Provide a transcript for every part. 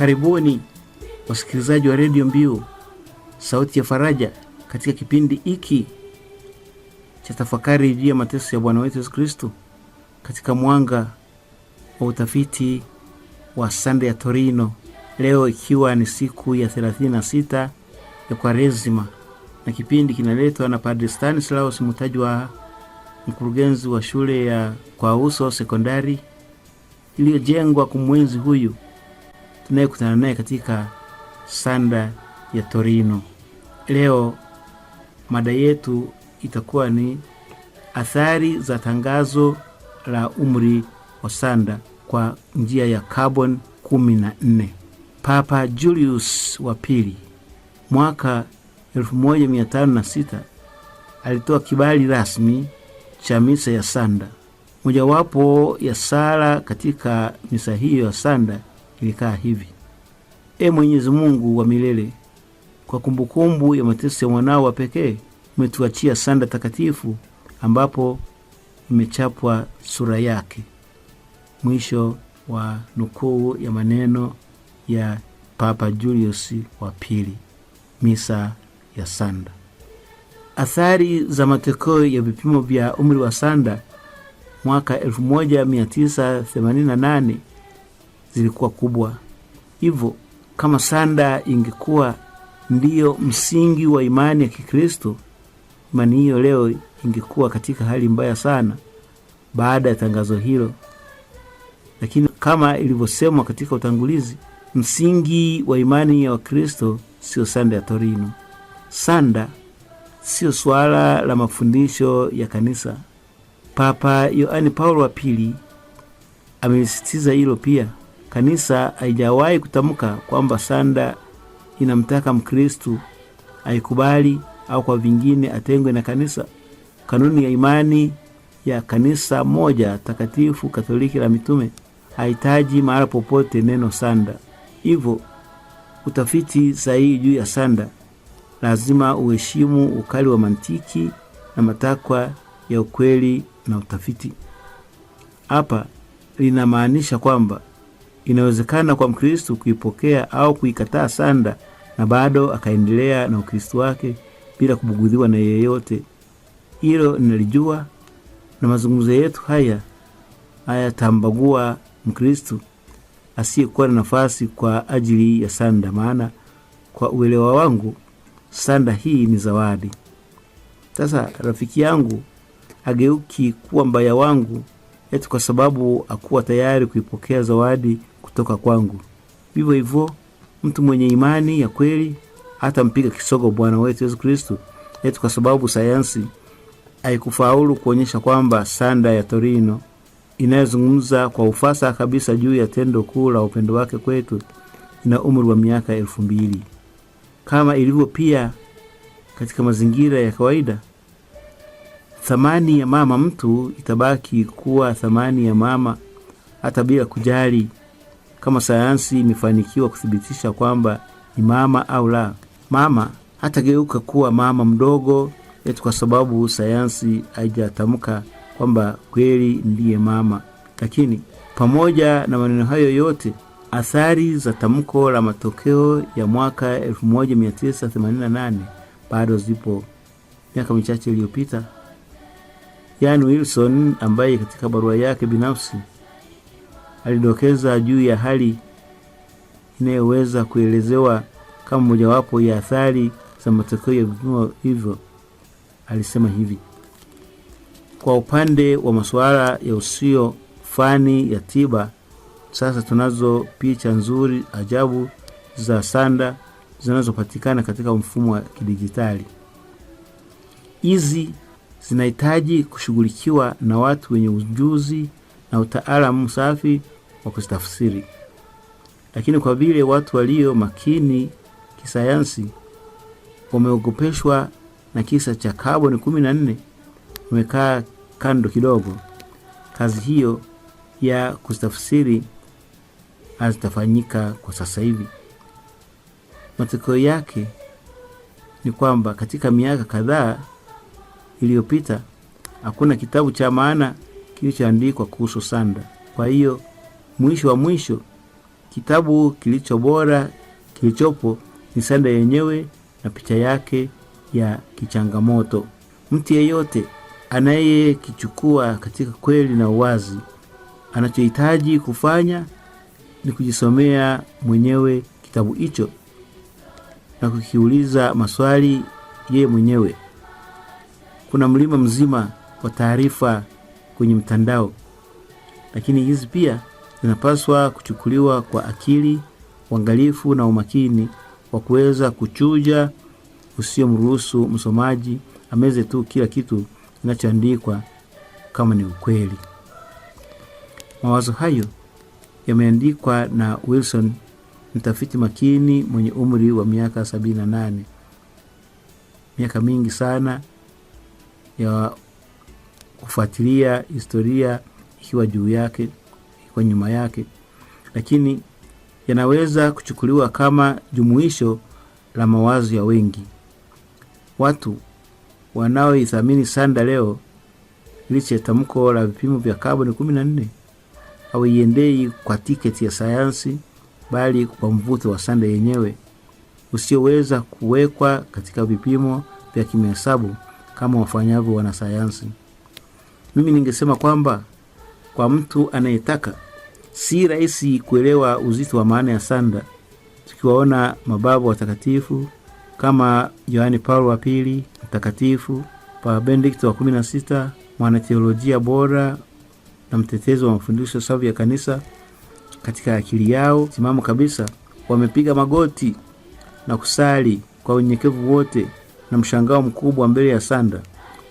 Karibuni wasikilizaji wa redio Mbiu sauti ya faraja, katika kipindi hiki cha tafakari juu ya mateso ya Bwana wetu Yesu Kristo katika mwanga wa utafiti wa sande ya Torino, leo ikiwa ni siku ya 36 ya kwarezima na kipindi kinaletwa na Padre Stanislaus Mutajwaha, mkurugenzi wa shule ya KWAUSO sekondari iliyojengwa kumwenzi huyu kutana naye katika sanda ya Torino. Leo mada yetu itakuwa ni athari za tangazo la umri wa sanda kwa njia ya carbon 14. Papa Julius wa pili mwaka 1506 alitoa kibali rasmi cha misa ya sanda. Mojawapo ya sala katika misa hiyo ya sanda ilikaa hivi: E Mwenyezi Mungu wa milele, kwa kumbukumbu ya mateso ya mwanao wa pekee umetuachia sanda takatifu ambapo imechapwa sura yake. Mwisho wa nukuu ya maneno ya Papa Julius wa Pili, misa ya sanda. Athari za matokeo ya vipimo vya umri wa sanda mwaka 1988 zilikuwa kubwa. Hivyo kama sanda ingekuwa ndiyo msingi wa imani ya Kikristo, imani hiyo leo ingekuwa katika hali mbaya sana baada ya tangazo hilo. Lakini kama ilivyosemwa katika utangulizi, msingi wa imani ya Wakristo siyo sanda ya Torino. Sanda siyo swala la mafundisho ya kanisa. Papa yohani Paulo wa pili amelisitiza hilo pia. Kanisa haijawahi kutamka kwamba sanda inamtaka Mkristu aikubali au kwa vingine atengwe na kanisa. Kanuni ya imani ya kanisa moja takatifu Katoliki la mitume haitaji mahala popote neno sanda. Hivyo utafiti sahihi juu ya sanda lazima uheshimu ukali wa mantiki na matakwa ya ukweli na utafiti. Hapa linamaanisha kwamba Inawezekana kwa mkristu kuipokea au kuikataa sanda na bado akaendelea na ukristu wake bila kubugudhiwa na yeyote. Hilo nalijua na mazungumzo yetu haya hayatambagua mkristu asiyekuwa na nafasi kwa ajili ya sanda, maana kwa uelewa wangu sanda hii ni zawadi. Sasa rafiki yangu ageuki kuwa mbaya wangu yetu kwa sababu akuwa tayari kuipokea zawadi kutoka kwangu. Vivyo hivyo mtu mwenye imani ya kweli hata mpiga kisogo Bwana wetu Yesu Kristo eti kwa sababu sayansi haikufaulu kuonyesha kwamba sanda ya Torino inayozungumza kwa ufasaha kabisa juu ya tendo kuu la upendo wake kwetu ina umri wa miaka elfu mbili kama ilivyo pia katika mazingira ya kawaida. Thamani ya mama mtu itabaki kuwa thamani ya mama hata bila kujali kama sayansi imefanikiwa kuthibitisha kwamba ni mama au la. Mama hatageuka kuwa mama mdogo yetu kwa sababu sayansi haijatamka kwamba kweli ndiye mama. Lakini pamoja na maneno hayo yote, athari za tamko la matokeo ya mwaka 1988 bado zipo miaka michache iliyopita. Ian Wilson ambaye katika barua yake binafsi alidokeza juu ya hali inayoweza kuelezewa kama mojawapo ya athari za matokeo ya vipimo hivyo. Alisema hivi: kwa upande wa masuala ya usio fani ya tiba, sasa tunazo picha nzuri ajabu za sanda zinazopatikana katika mfumo wa kidijitali. Hizi zinahitaji kushughulikiwa na watu wenye ujuzi na utaalamu safi wa kustafsiri. Lakini kwa vile watu walio makini kisayansi wameogopeshwa na kisa cha kaboni kumi na nne, wamekaa kando kidogo. Kazi hiyo ya kustafsiri hazitafanyika kwa sasa hivi. Matokeo yake ni kwamba katika miaka kadhaa iliyopita hakuna kitabu cha maana kilichoandikwa kuhusu sanda. Kwa hiyo mwisho wa mwisho, kitabu kilicho bora kilichopo ni sanda yenyewe na picha yake ya kichangamoto. Mtu yeyote anayekichukua katika kweli na uwazi, anachohitaji kufanya ni kujisomea mwenyewe kitabu hicho na kukiuliza maswali yeye mwenyewe. Kuna mlima mzima wa taarifa kwenye mtandao, lakini hizi pia zinapaswa kuchukuliwa kwa akili, uangalifu na umakini wa kuweza kuchuja, usio mruhusu msomaji ameze tu kila kitu kinachoandikwa kama ni ukweli. Mawazo hayo yameandikwa na Wilson, mtafiti makini mwenye umri wa miaka nane. miaka mingi sana ya kufuatilia historia ikiwa juu yake, ikiwa nyuma yake, lakini yanaweza kuchukuliwa kama jumuisho la mawazo ya wengi. Watu wanaoithamini sanda leo, licha ya tamko la vipimo vya kaboni kumi na nne, hawaiendei kwa tiketi ya sayansi, bali kwa mvuto wa sanda yenyewe usioweza kuwekwa katika vipimo vya kimhesabu kama wafanyavyo wanasayansi. Mimi ningesema kwamba kwa mtu anayetaka, si rahisi kuelewa uzito wa maana ya sanda tukiwaona mababu watakatifu kama yohani Paulo wa Pili Mtakatifu, pa Benedikto wa kumi na sita, mwanateolojia bora na mtetezi wa mafundisho safu ya Kanisa, katika akili yao simamo kabisa wamepiga magoti na kusali kwa unyenyekevu wote na mshangao mkubwa mbele ya sanda,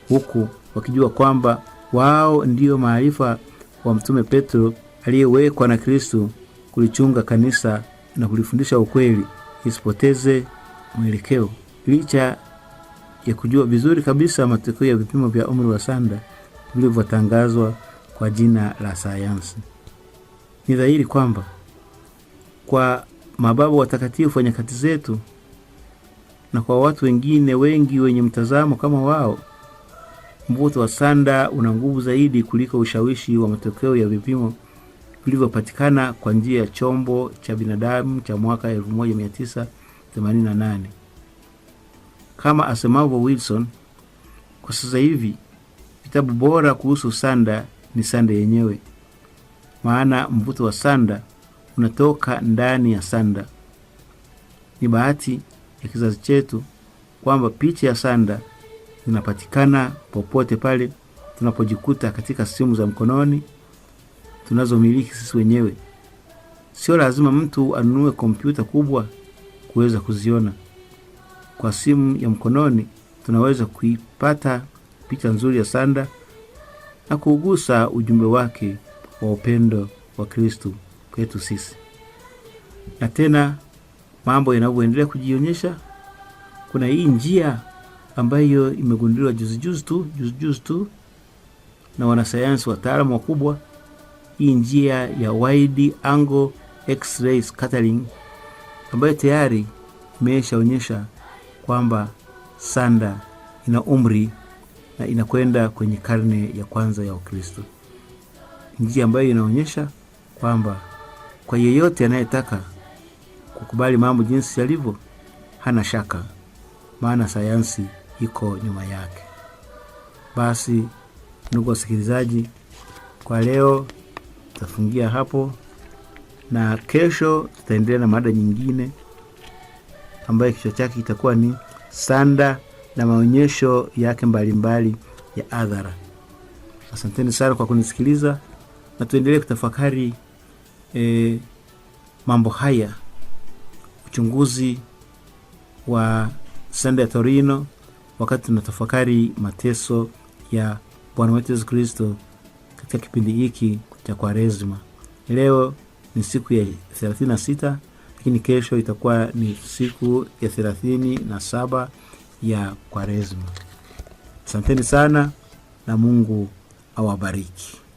huku wakijua kwamba wao ndiyo maarifa wa Mtume Petro aliyewekwa na Kristo kulichunga kanisa na kulifundisha ukweli isipoteze mwelekeo. Licha ya kujua vizuri kabisa matokeo ya vipimo vya umri wa sanda vilivyotangazwa kwa jina la sayansi, ni dhahiri kwamba kwa mababu watakatifu wa nyakati zetu na kwa watu wengine wengi wenye mtazamo kama wao Mvuto wa sanda una nguvu zaidi kuliko ushawishi wa matokeo ya vipimo vilivyopatikana kwa njia ya chombo cha binadamu cha mwaka 1988. Kama asemavyo Wilson, kwa sasa hivi vitabu bora kuhusu sanda ni sanda yenyewe, maana mvuto wa sanda unatoka ndani ya sanda. Ni bahati ya kizazi chetu kwamba picha ya sanda linapatikana popote pale tunapojikuta katika simu za mkononi tunazomiliki sisi wenyewe. Sio lazima mtu anunue kompyuta kubwa kuweza kuziona. Kwa simu ya mkononi tunaweza kuipata picha nzuri ya sanda na kuugusa ujumbe wake wa upendo wa kristu kwetu sisi. Na tena mambo yanavyoendelea kujionyesha, kuna hii njia ambayo imegunduliwa juzi juzi tu juzi juzi tu na wanasayansi wataalamu wakubwa. Hii njia ya wide angle x-ray scattering ambayo tayari imeshaonyesha kwamba sanda ina umri na inakwenda kwenye karne ya kwanza ya Ukristo, njia ambayo inaonyesha kwamba kwa yeyote anayetaka kukubali mambo jinsi yalivyo, hana shaka, maana sayansi iko nyuma yake. Basi ndugu wasikilizaji, kwa leo tutafungia hapo, na kesho tutaendelea na mada nyingine ambayo kichwa chake kitakuwa ni sanda na maonyesho yake mbalimbali mbali ya adhara. Asanteni sana kwa kunisikiliza na tuendelee kutafakari e, mambo haya, uchunguzi wa sanda ya Torino wakati tunatafakari mateso ya Bwana wetu Yesu Kristo katika kipindi hiki cha kwarezma Leo ni siku ya sita lakini kesho itakuwa ni siku ya na saba ya kwarezma Asanteni sana na Mungu awabariki.